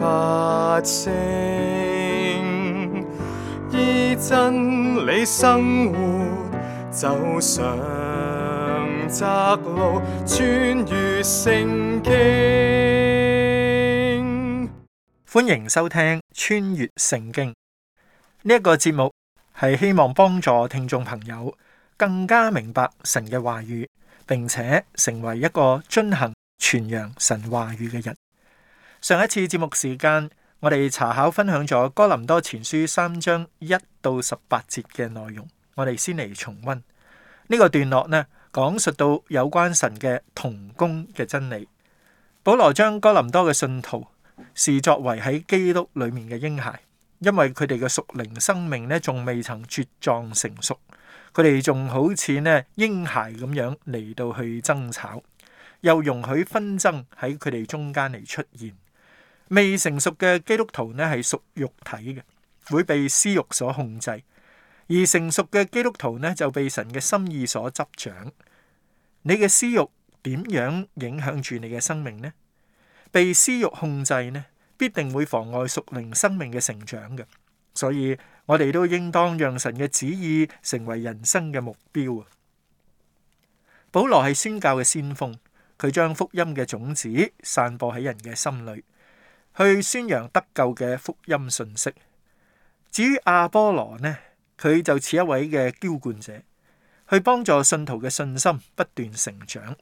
發聲依真理生活，走上窄路，穿越聖經。歡迎收聽《穿越聖經》呢一個節目，係希望幫助聽眾朋友更加明白神嘅話語，並且成為一個遵行傳揚神話語嘅人。上一次節目時間，我哋查考分享咗哥林多前書三章一到十八節嘅內容，我哋先嚟重溫呢、呢個段落呢，講述到有關神嘅同工嘅真理。保羅將哥林多嘅信徒視作為喺基督裏面嘅嬰孩，因為佢哋嘅屬靈生命呢，仲未曾茁壯成熟，佢哋仲好似呢嬰孩咁樣嚟到去爭吵，又容許紛爭喺佢哋中間嚟出現。未成熟嘅基督徒呢係屬肉體嘅，會被私欲所控制；而成熟嘅基督徒呢就被神嘅心意所執掌。你嘅私欲點樣影響住你嘅生命呢？被私欲控制呢，必定會妨礙屬靈生命嘅成長嘅。所以我哋都應當讓神嘅旨意成為人生嘅目標啊！保羅係宣教嘅先鋒，佢將福音嘅種子散播喺人嘅心裏。去宣揚得救嘅福音信息。至於阿波羅呢，佢就似一位嘅澆灌者，去幫助信徒嘅信心不斷成長。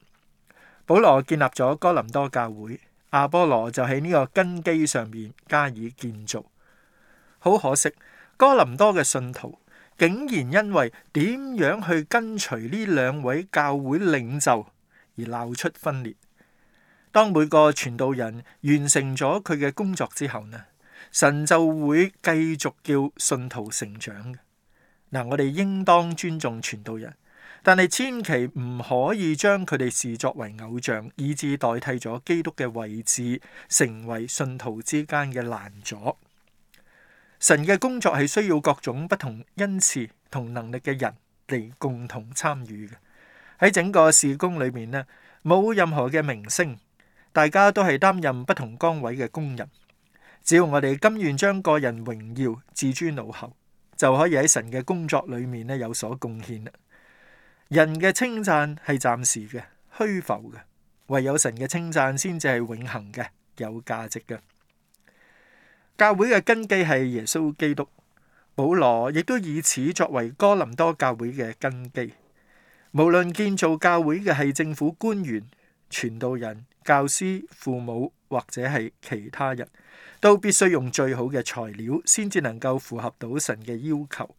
保羅建立咗哥林多教會，阿波羅就喺呢個根基上面加以建造。好可惜，哥林多嘅信徒竟然因為點樣去跟隨呢兩位教會領袖而鬧出分裂。當每個傳道人完成咗佢嘅工作之後呢，神就會繼續叫信徒成長嘅。嗱，我哋應當尊重傳道人，但係千祈唔可以將佢哋視作為偶像，以致代替咗基督嘅位置，成為信徒之間嘅攔阻。神嘅工作係需要各種不同恩賜同能力嘅人嚟共同參與嘅。喺整個事工裏面呢，冇任何嘅明星。大家都係擔任不同崗位嘅工人，只要我哋甘願將個人榮耀、自尊置諸腦後，就可以喺神嘅工作裏面咧有所貢獻。人嘅稱讚係暫時嘅、虛浮嘅，唯有神嘅稱讚先至係永恒嘅、有價值嘅。教會嘅根基係耶穌基督，保羅亦都以此作為哥林多教會嘅根基。無論建造教會嘅係政府官員、傳道人。教師、父母或者係其他人，都必須用最好嘅材料，先至能夠符合到神嘅要求。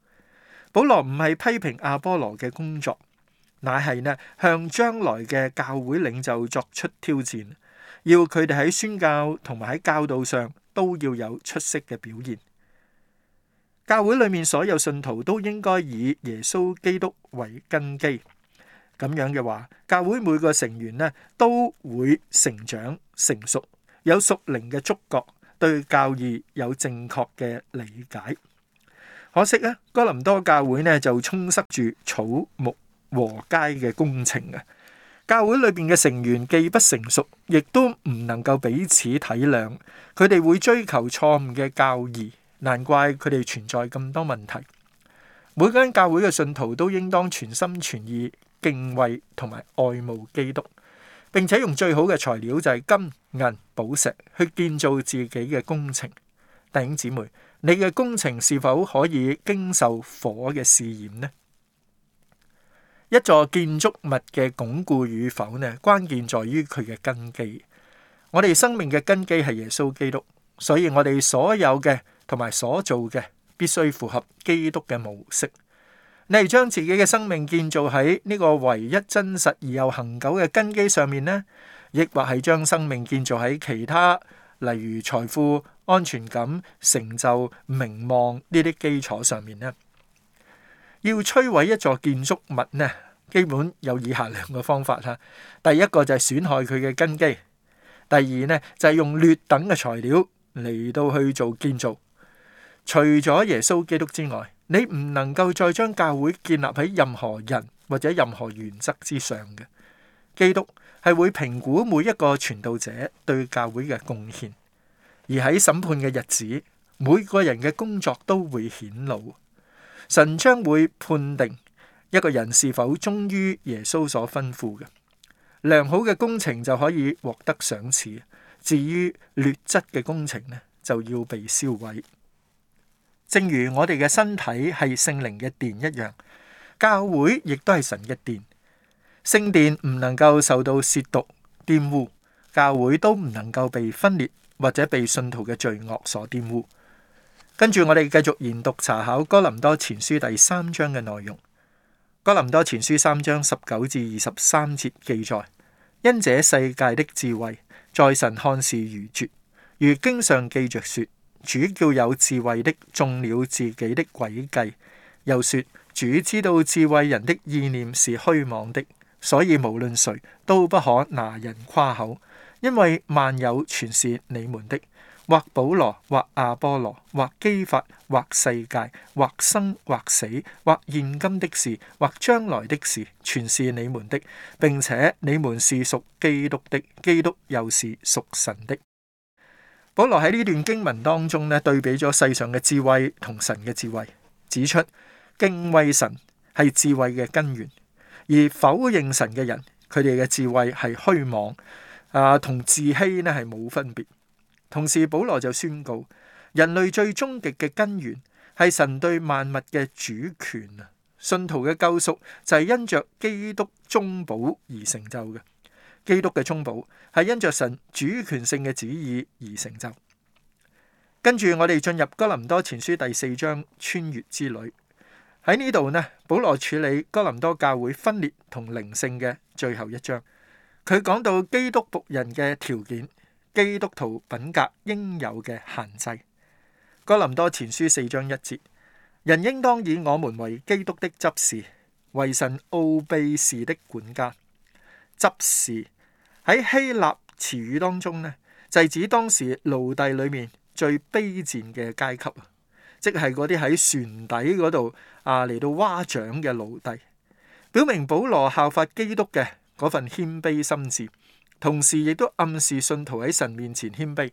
保羅唔係批評阿波羅嘅工作，乃係呢向將來嘅教會領袖作出挑戰，要佢哋喺宣教同埋喺教導上都要有出色嘅表現。教會裏面所有信徒都應該以耶穌基督為根基。咁樣嘅話，教會每個成員呢都會成長成熟，有屬靈嘅觸覺，對教義有正確嘅理解。可惜呢、啊，哥林多教會呢就充塞住草木禾稭嘅工程啊！教會裏邊嘅成員既不成熟，亦都唔能夠彼此體諒，佢哋會追求錯誤嘅教義，難怪佢哋存在咁多問題。每間教會嘅信徒都應當全心全意，敬畏同埋愛慕基督，並且用最好嘅材料就係金銀寶石去建造自己嘅工程。弟兄姊妹，你嘅工程是否可以經受火嘅試驗呢？一座建築物嘅鞏固與否呢？關鍵在於佢嘅根基。我哋生命嘅根基係耶穌基督，所以我哋所有嘅同埋所做嘅必須符合基督嘅模式。你將自己嘅生命建造喺呢個唯一真實而又恆久嘅根基上面呢？亦或係將生命建造喺其他，例如財富、安全感、成就、名望呢啲基礎上面呢？要摧毀一座建築物呢，基本有以下兩個方法吓。第一個就係損害佢嘅根基；第二呢，就係、是、用劣等嘅材料嚟到去做建造。除咗耶穌基督之外。你唔能夠再將教會建立喺任何人或者任何原則之上嘅。基督係會評估每一個傳道者對教會嘅貢獻，而喺審判嘅日子，每個人嘅工作都會顯露。神將會判定一個人是否忠於耶穌所吩咐嘅。良好嘅工程就可以獲得賞賜，至於劣質嘅工程呢，就要被燒毀。正如我哋嘅身體係聖靈嘅殿一樣，教會亦都係神嘅殿，聖殿唔能夠受到褻瀆玷污，教會都唔能夠被分裂或者被信徒嘅罪惡所玷污。跟住我哋繼續研讀查考哥林多前書第三章嘅內容。哥林多前書三章十九至二十三節記載：因這世界的智慧，在神看是愚拙，如經上記着說。主叫有智慧的中了自己的詭計，又說：主知道智慧人的意念是虛妄的，所以無論誰都不可拿人誇口，因為萬有全是你們的。或保羅，或亞波羅，或磯法，或世界，或生或死，或現今的事，或將來的事，全是你們的，並且你們是屬基督的，基督又是屬神的。保羅喺呢段經文當中咧，對比咗世上嘅智慧同神嘅智慧，指出敬畏神係智慧嘅根源，而否認神嘅人，佢哋嘅智慧係虛妄，啊同自欺呢係冇分別。同時保羅就宣告，人類最終極嘅根源係神對萬物嘅主權啊，信徒嘅救贖就係因着基督中保而成就嘅。基督嘅中保係因着神主權性嘅旨意而成就。跟住我哋進入哥林多前書第四章穿越之旅。喺呢度呢，保羅處理哥林多教會分裂同靈性嘅最後一章。佢講到基督僕人嘅條件，基督徒品格應有嘅限制。哥林多前書四章一節，人應當以我們為基督的執事，為神奧秘事的管家，執事。喺希臘詞語當中咧，就係指當時奴隸裏面最卑賤嘅階級啊，即係嗰啲喺船底嗰度啊嚟到划槳嘅奴隸。表明保羅效法基督嘅嗰份謙卑心志，同時亦都暗示信徒喺神面前謙卑，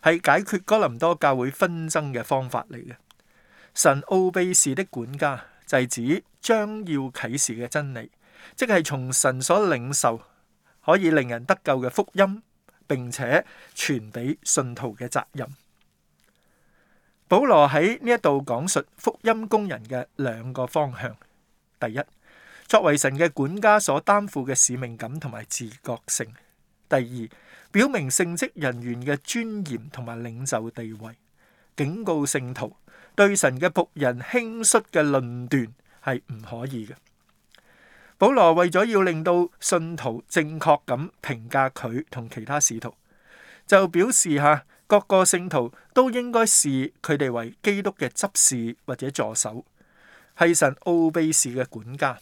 係解決哥林多教會紛爭嘅方法嚟嘅。神奧秘士的管家就係指將要啟示嘅真理，即係從神所領受，可以令人得救嘅福音，並且傳俾信徒嘅責任。保羅喺呢一度講述福音工人嘅兩個方向：第一，作為神嘅管家所擔負嘅使命感同埋自覺性；第二，表明聖職人員嘅尊嚴同埋領袖地位，警告聖徒對神嘅僕人輕率嘅論斷係唔可以嘅。保羅為咗要令到信徒正確咁評價佢同其他使徒，就表示吓各個聖徒都應該視佢哋為基督嘅執事或者助手，係神奧秘事嘅管家。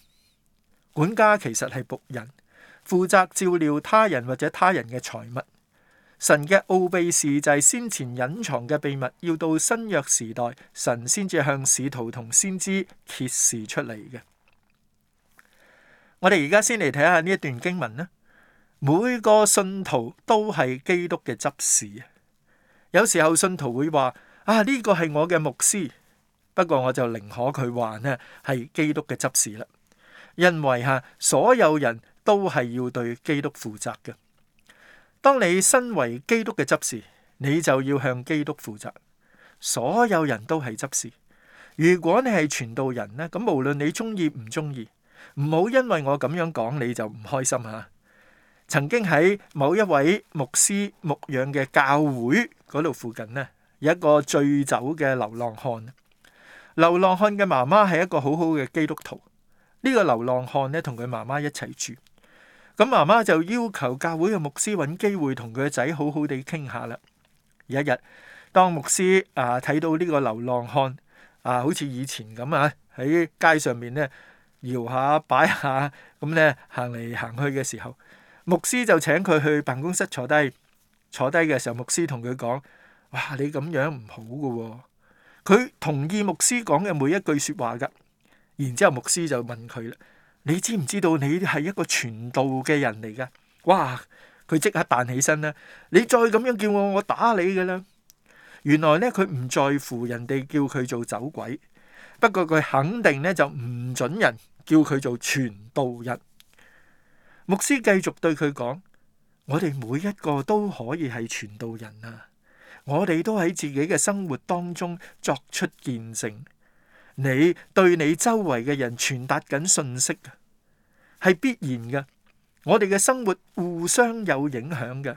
管家其實係僕人，負責照料他人或者他人嘅財物。神嘅奧秘事就係先前隱藏嘅秘密，要到新約時代，神先至向使徒同先知揭示出嚟嘅。我哋而家先嚟睇下呢一段經文呢。每個信徒都係基督嘅執事。有時候信徒會話：啊，呢、呢個係我嘅牧師。不過我就寧可佢話呢係基督嘅執事啦。因為嚇、啊、所有人都係要對基督負責嘅。當你身為基督嘅執事，你就要向基督負責。所有人都係執事。如果你係傳道人呢，咁無論你中意唔中意。唔好因為我咁樣講你就唔開心嚇。曾經喺某一位牧師牧養嘅教會嗰度附近，呢有一個醉酒嘅流浪漢。流浪漢嘅媽媽係一個好好嘅基督徒。呢、這個流浪漢呢，同佢媽媽一齊住。咁媽媽就要求教會嘅牧師揾機會同佢仔好好地傾下啦。有一日，當牧師啊睇到呢個流浪漢啊，好似以前咁啊喺街上面呢。搖下擺下，咁咧行嚟行去嘅時候，牧師就請佢去辦公室坐低。坐低嘅時候，牧師同佢講：哇，你咁樣唔好噶喎，哦！佢同意牧師講嘅每一句説話噶。然之後牧師就問佢啦：你知唔知道你係一個傳道嘅人嚟噶？哇！佢即刻彈起身啦！你再咁樣叫我，我打你噶啦！原來咧，佢唔在乎人哋叫佢做走鬼。不過佢肯定咧就唔準人。叫佢做傳道人。牧師繼續對佢講，我哋每一個都可以係傳道人啊！我哋都喺自己嘅生活當中作出見證。你對你周圍嘅人傳達緊信息嘅係必然嘅。我哋嘅生活互相有影響嘅。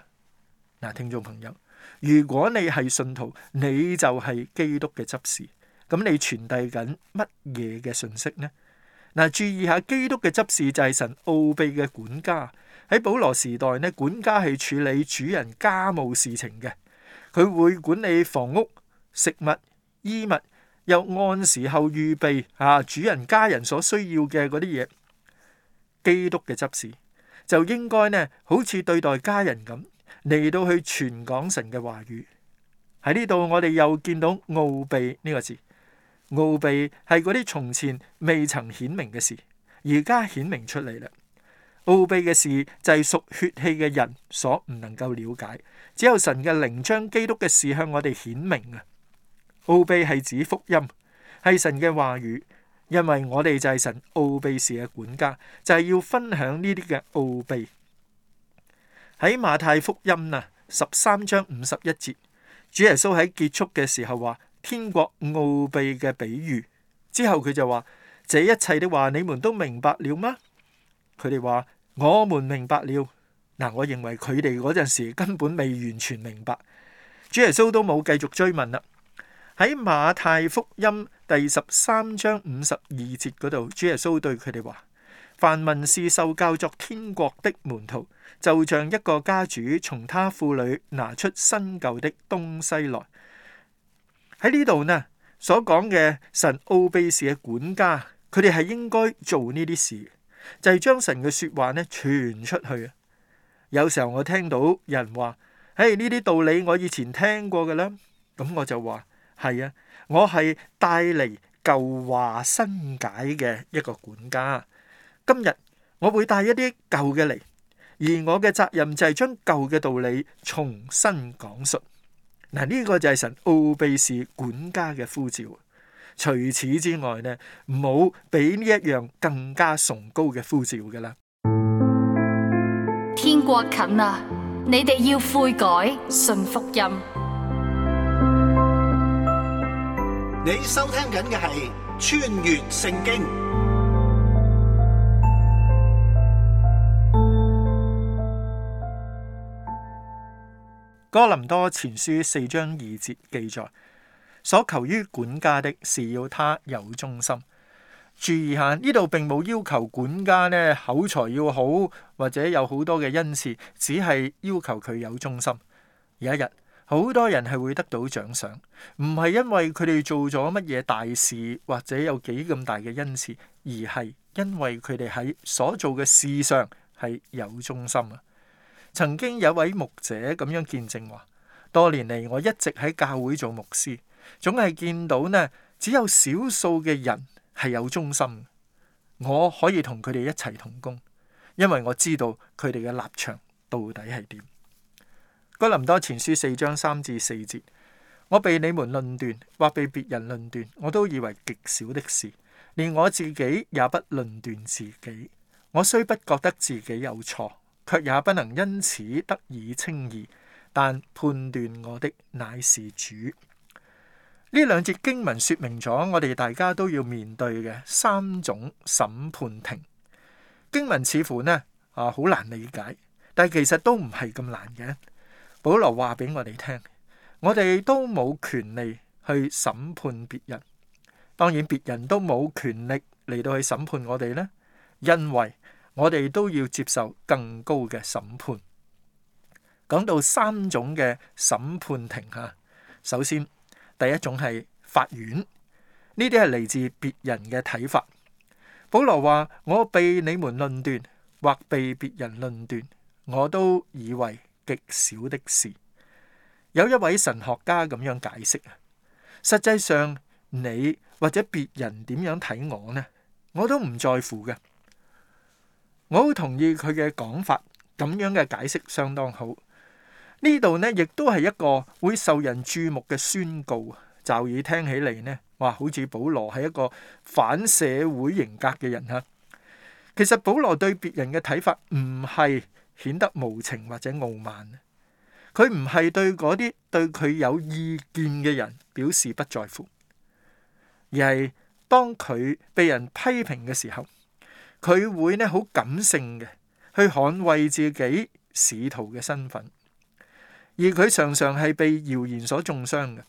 嗱，聽眾朋友，如果你係信徒，你就係基督嘅執事。咁你傳遞緊乜嘢嘅信息呢？嗱，注意下基督嘅執事就係神奧秘嘅管家。喺保羅時代，呢管家係處理主人家務事情嘅，佢會管理房屋、食物、衣物，又按時候預備吓、啊、主人家人所需要嘅嗰啲嘢。基督嘅執事就應該呢好似對待家人咁嚟到去傳講神嘅話語。喺呢度我哋又見到奧秘呢個字。奧秘係嗰啲從前未曾顯明嘅事，而家顯明出嚟啦。奧秘嘅事就係屬血氣嘅人所唔能夠了解，只有神嘅靈將基督嘅事向我哋顯明啊。奧秘係指福音，係神嘅話語，因為我哋就係神奧秘事嘅管家，就係、是、要分享呢啲嘅奧秘。喺馬太福音啊十三章五十一節，主耶穌喺結束嘅時候話。天國奧秘嘅比喻之後，佢就話：，這一切的話，你們都明白了嗎？佢哋話：，我們明白了。嗱、啊，我認為佢哋嗰陣時根本未完全明白。主耶穌都冇繼續追問啦。喺馬太福音第十三章五十二節嗰度，主耶穌對佢哋話：，凡文士受教作天國的門徒，就像一個家主從他庫裏拿出新舊的東西來。喺呢度呢，所講嘅神奧秘事嘅管家，佢哋係應該做呢啲事，就係、是、將神嘅説話呢傳出去。有時候我聽到有人話：，誒，呢啲道理我以前聽過㗎啦，咁我就話：係啊，我係帶嚟舊話新解嘅一個管家。今日我會帶一啲舊嘅嚟，而我嘅責任就係將舊嘅道理重新講述。嗱，呢個就係神奧秘事管家嘅呼召。除此之外咧，冇比呢一樣更加崇高嘅呼召嘅啦。天國近啦，你哋要悔改，信福音。你收聽緊嘅係穿越聖經。哥林多前書四章二節記載，所求於管家的是要他有忠心。注意下呢度並冇要求管家咧，口才要好或者有好多嘅恩賜，只係要求佢有忠心。有一日，好多人係會得到獎賞，唔係因為佢哋做咗乜嘢大事或者有幾咁大嘅恩賜，而係因為佢哋喺所做嘅事上係有忠心啊。曾經有位牧者咁樣見證話：多年嚟我一直喺教會做牧師，總係見到呢只有少數嘅人係有忠心。我可以同佢哋一齊同工，因為我知道佢哋嘅立場到底係點。哥林多前書四章三至四節，我被你們論斷或被別人論斷，我都以為極小的事，連我自己也不論斷自己。我雖不覺得自己有錯。卻也不能因此得以稱義，但判斷我的乃是主。呢兩節經文說明咗我哋大家都要面對嘅三種審判庭。經文似乎呢啊好難理解，但其實都唔係咁難嘅。保羅話俾我哋聽，我哋都冇權利去審判別人，當然別人都冇權利嚟到去審判我哋呢，因為，我哋都要接受更高嘅審判。講到三種嘅審判庭吓，首先第一種係法院，呢啲係嚟自別人嘅睇法。保羅話：我被你們論斷或被別人論斷，我都以為極小的事。有一位神學家咁樣解釋啊，實際上你或者別人點樣睇我呢？我都唔在乎嘅。我好同意佢嘅講法，咁樣嘅解釋相當好。呢度呢，亦都係一個會受人注目嘅宣告。驟耳聽起嚟呢，哇，好似保羅係一個反社會型格人格嘅人嚇。其實保羅對別人嘅睇法唔係顯得無情或者傲慢，佢唔係對嗰啲對佢有意見嘅人表示不在乎，而係當佢被人批評嘅時候，佢會咧好感性嘅去捍衞自己使徒嘅身份，而佢常常係被謠言所中傷嘅。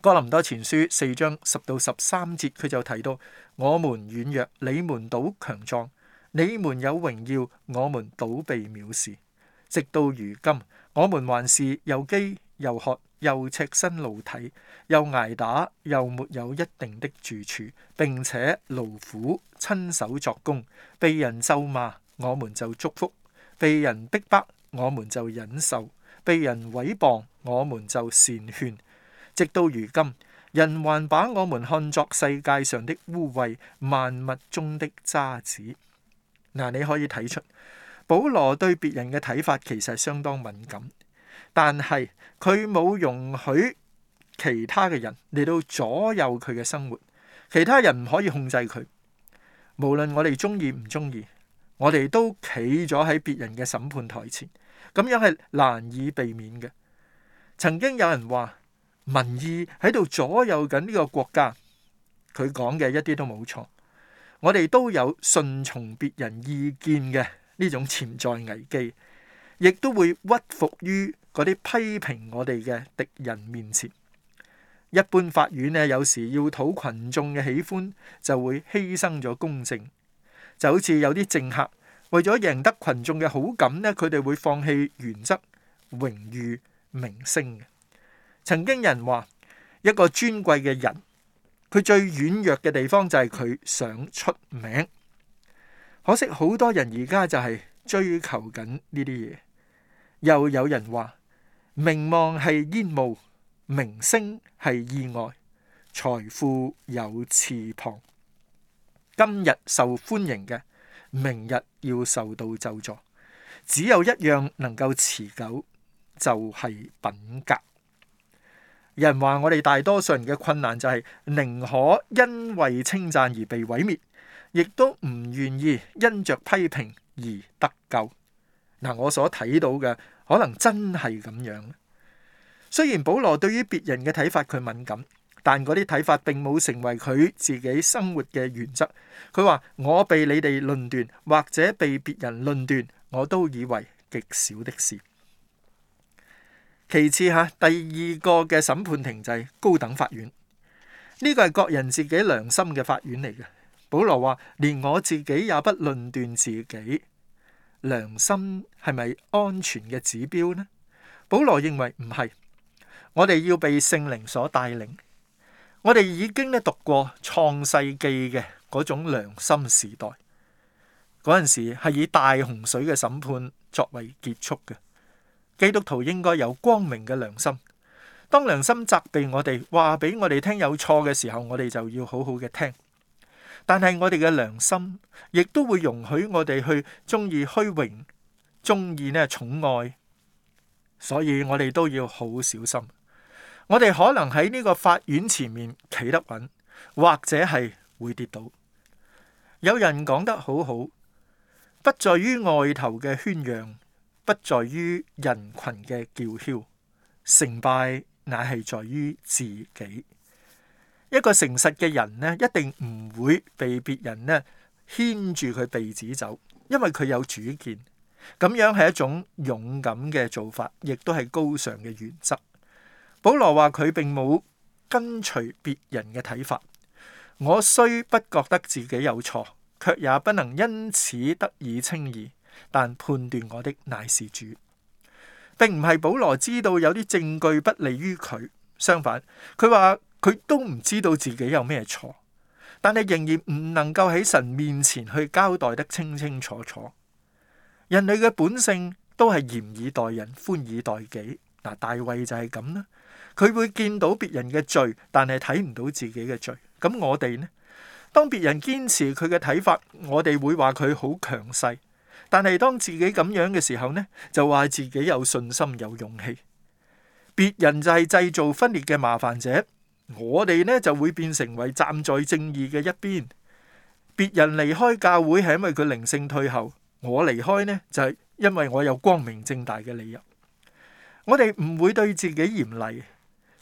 哥林多前書四章十到十三節，佢就提到：我們軟弱，你們倒強壯；你們有榮耀，我們倒被藐視。直到如今，我們還是又飢又渴。又赤身露體，又挨打，又沒有一定的住處，並且勞苦親手作工，被人咒罵，我們就祝福；被人逼迫，我們就忍受；被人毀謗，我們就善勸。直到如今，人還把我們看作世界上的污穢、萬物中的渣滓。嗱、啊，你可以睇出保羅對別人嘅睇法其實相當敏感。但係佢冇容許其他嘅人嚟到左右佢嘅生活，其他人唔可以控制佢。無論我哋中意唔中意，我哋都企咗喺別人嘅審判台前，咁樣係難以避免嘅。曾經有人話民意喺度左右緊呢個國家，佢講嘅一啲都冇錯。我哋都有順從別人意見嘅呢種潛在危機，亦都會屈服於嗰啲批評我哋嘅敵人面前，一般法院呢，有時要討群眾嘅喜歡，就會犧牲咗公正。就好似有啲政客，為咗贏得群眾嘅好感呢，佢哋會放棄原則、榮譽、名聲。曾經人話：一個尊貴嘅人，佢最軟弱嘅地方就係佢想出名。可惜好多人而家就係追求緊呢啲嘢。又有人話。名望係煙霧，名聲係意外，財富有翅膀。今日受歡迎嘅，明日要受到咒詛。只有一樣能夠持久，就係、是、品格。有人話，我哋大多數人嘅困難就係，寧可因為稱讚而被毀滅，亦都唔願意因着批評而得救。嗱，我所睇到嘅。可能真係咁樣。雖然保羅對於別人嘅睇法佢敏感，但嗰啲睇法並冇成為佢自己生活嘅原則。佢話：我被你哋論斷或者被別人論斷，我都以為極小的事。其次嚇，第二個嘅審判庭制高等法院，呢、這個係各人自己良心嘅法院嚟嘅。保羅話：連我自己也不論斷自己。良心係咪安全嘅指標呢？保羅認為唔係，我哋要被聖靈所帶領。我哋已經咧讀過創世紀嘅嗰種良心時代，嗰陣時係以大洪水嘅審判作為結束嘅。基督徒應該有光明嘅良心。當良心責備我哋，話俾我哋聽有錯嘅時候，我哋就要好好嘅聽。但係我哋嘅良心，亦都會容許我哋去中意虛榮，中意咧寵愛，所以我哋都要好小心。我哋可能喺呢個法院前面企得穩，或者係會跌倒。有人講得好好，不在於外頭嘅宣揚，不在於人群嘅叫囂，成敗乃係在於自己。一個誠實嘅人咧，一定唔會被別人咧牽住佢鼻子走，因為佢有主見。咁樣係一種勇敢嘅做法，亦都係高尚嘅原則。保羅話佢並冇跟隨別人嘅睇法。我雖不覺得自己有錯，卻也不能因此得以稱義。但判斷我的乃是主，並唔係保羅知道有啲證據不利於佢。相反，佢話。佢都唔知道自己有咩錯，但係仍然唔能夠喺神面前去交代得清清楚楚。人類嘅本性都係嚴以待人，寬以待己。嗱，大衛就係咁啦。佢會見到別人嘅罪，但係睇唔到自己嘅罪。咁我哋呢？當別人堅持佢嘅睇法，我哋會話佢好強勢。但係當自己咁樣嘅時候呢，就話自己有信心有勇氣。別人就係製造分裂嘅麻煩者。我哋呢就會變成為站在正義嘅一邊，別人離開教會係因為佢靈性退後，我離開呢就係因為我有光明正大嘅理由。我哋唔會對自己嚴厲，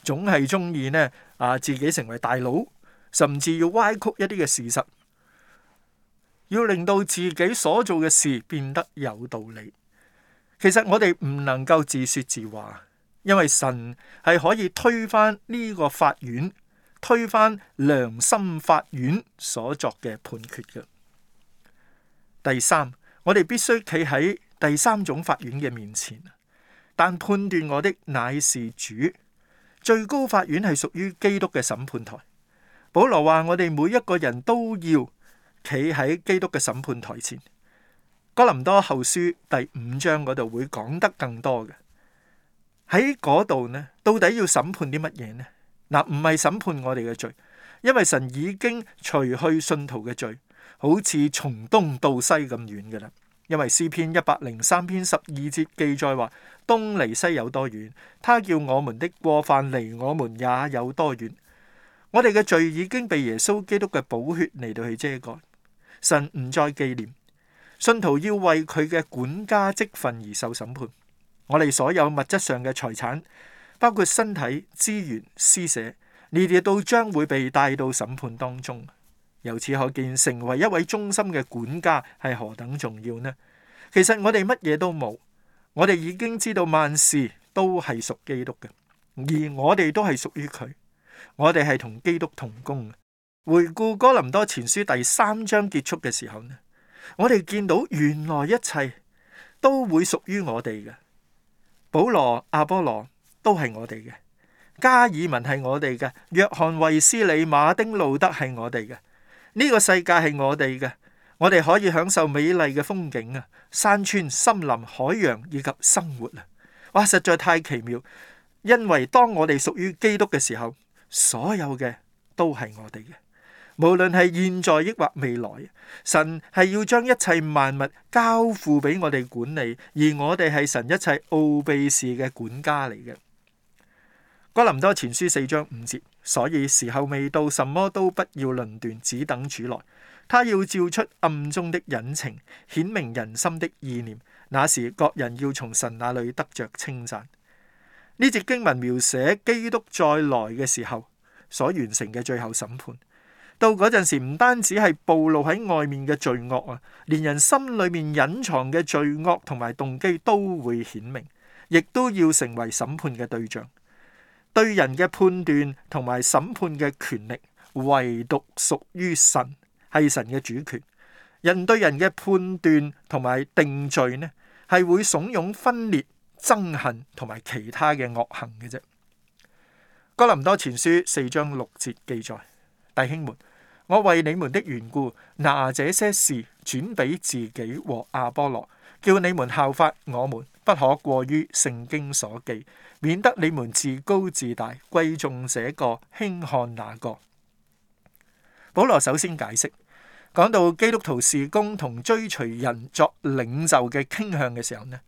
總係鍾意呢啊自己成為大佬，甚至要歪曲一啲嘅事實，要令到自己所做嘅事變得有道理。其實我哋唔能夠自説自話。因為神係可以推翻呢個法院、推翻良心法院所作嘅判決嘅。第三，我哋必須企喺第三種法院嘅面前，但判斷我的乃是主。最高法院係屬於基督嘅審判台。保羅話：我哋每一個人都要企喺基督嘅審判台前。哥林多後書第五章嗰度會講得更多嘅。喺嗰度呢，到底要審判啲乜嘢呢？嗱，唔係審判我哋嘅罪，因為神已經除去信徒嘅罪，好似從東到西咁遠嘅啦。因為詩篇一百零三篇十二節記載話：東離西有多遠，他叫我們的過犯離我們也有多遠。我哋嘅罪已經被耶穌基督嘅寶血嚟到去遮蓋，神唔再記念。信徒要為佢嘅管家職份而受審判。我哋所有物質上嘅財產，包括身體、資源、施捨，你哋都將會被帶到審判當中。由此可見，成為一位忠心嘅管家係何等重要呢？其實我哋乜嘢都冇，我哋已經知道萬事都係屬基督嘅，而我哋都係屬於佢。我哋係同基督同工嘅。回顧哥林多前書第三章結束嘅時候呢，我哋見到原來一切都會屬於我哋嘅。保羅、阿波羅都係我哋嘅，加爾文係我哋嘅，約翰衛斯理、馬丁路德係我哋嘅，呢、這個世界係我哋嘅，我哋可以享受美麗嘅風景啊，山川、森林、海洋以及生活啊，哇，實在太奇妙！因為當我哋屬於基督嘅時候，所有嘅都係我哋嘅。無論係現在抑或未來，神係要將一切萬物交付俾我哋管理，而我哋係神一切奧秘事嘅管家嚟嘅。哥林多前書四章五節，所以時候未到，什麼都不要論斷，只等主來。他要照出暗中的隱情，顯明人心的意念。那時各人要從神那裏得着稱讚。呢節經文描寫基督再來嘅時候所完成嘅最後審判。到嗰陣時，唔單止係暴露喺外面嘅罪惡啊，連人心裏面隱藏嘅罪惡同埋動機都會顯明，亦都要成為審判嘅對象。對人嘅判斷同埋審判嘅權力，唯獨屬於神，係神嘅主權。人對人嘅判斷同埋定罪呢，係會慫恿分裂、憎恨同埋其他嘅惡行嘅啫。哥林多前書四章六節記載：弟兄們。我為你們的緣故，拿這些事轉俾自己和阿波羅，叫你們效法我們，不可過於聖經所記，免得你們自高自大，貴重這個，輕看那個。保羅首先解釋，講到基督徒事工同追隨人作領袖嘅傾向嘅時候呢，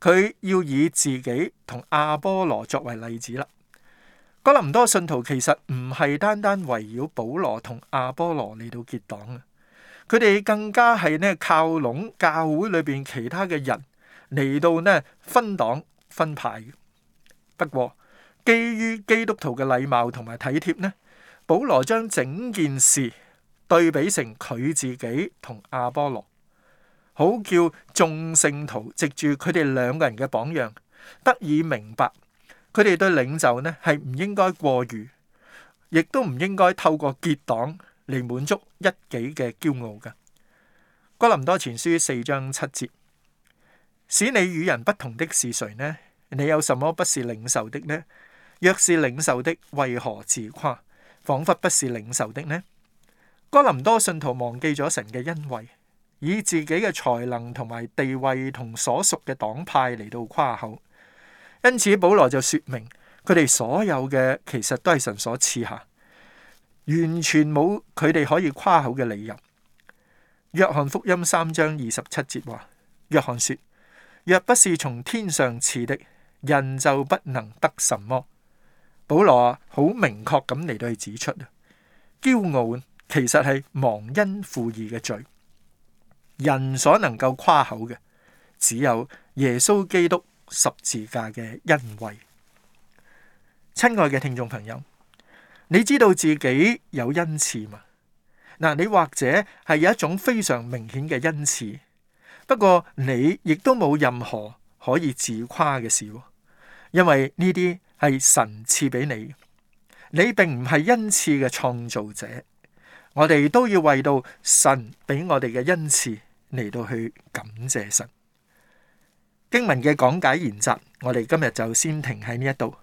佢要以自己同阿波羅作為例子啦。哥林多信徒其實唔係單單圍繞保羅同亞波羅嚟到結黨嘅，佢哋更加係咧靠攏教會裏邊其他嘅人嚟到咧分黨分派。不過，基於基督徒嘅禮貌同埋體貼咧，保羅將整件事對比成佢自己同亞波羅，好叫眾聖徒藉住佢哋兩個人嘅榜樣得以明白。佢哋對領袖呢係唔應該過譽，亦都唔應該透過結黨嚟滿足一己嘅驕傲嘅。哥林多前書四章七節：使你與人不同的是誰呢？你有什麼不是領受的呢？若是領受的，為何自誇？彷彿不是領受的呢？哥林多信徒忘記咗神嘅恩惠，以自己嘅才能同埋地位同所屬嘅黨派嚟到誇口。因此保羅就說明，佢哋所有嘅其實都係神所賜下，完全冇佢哋可以誇口嘅理由。約翰福音三章二十七節話，約翰說，若不是從天上賜的，人就不能得什麼。保羅好明確咁嚟到去指出，驕傲其實係忘恩負義嘅罪。人所能夠誇口嘅，只有耶穌基督。十字架嘅恩惠，親愛嘅聽眾朋友，你知道自己有恩賜嘛？嗱，你或者係有一種非常明顯嘅恩賜，不過你亦都冇任何可以自誇嘅事，因為呢啲係神賜俾你，你並唔係恩賜嘅創造者。我哋都要為到神俾我哋嘅恩賜嚟到去感謝神。經文嘅講解研習，我哋今日就先停喺呢一度。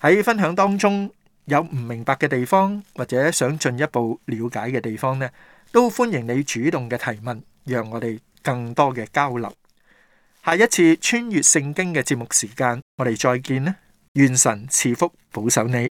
喺分享當中有唔明白嘅地方，或者想進一步了解嘅地方呢，都歡迎你主動嘅提問，讓我哋更多嘅交流。下一次穿越聖經嘅節目時間，我哋再見啦！願神賜福保守你。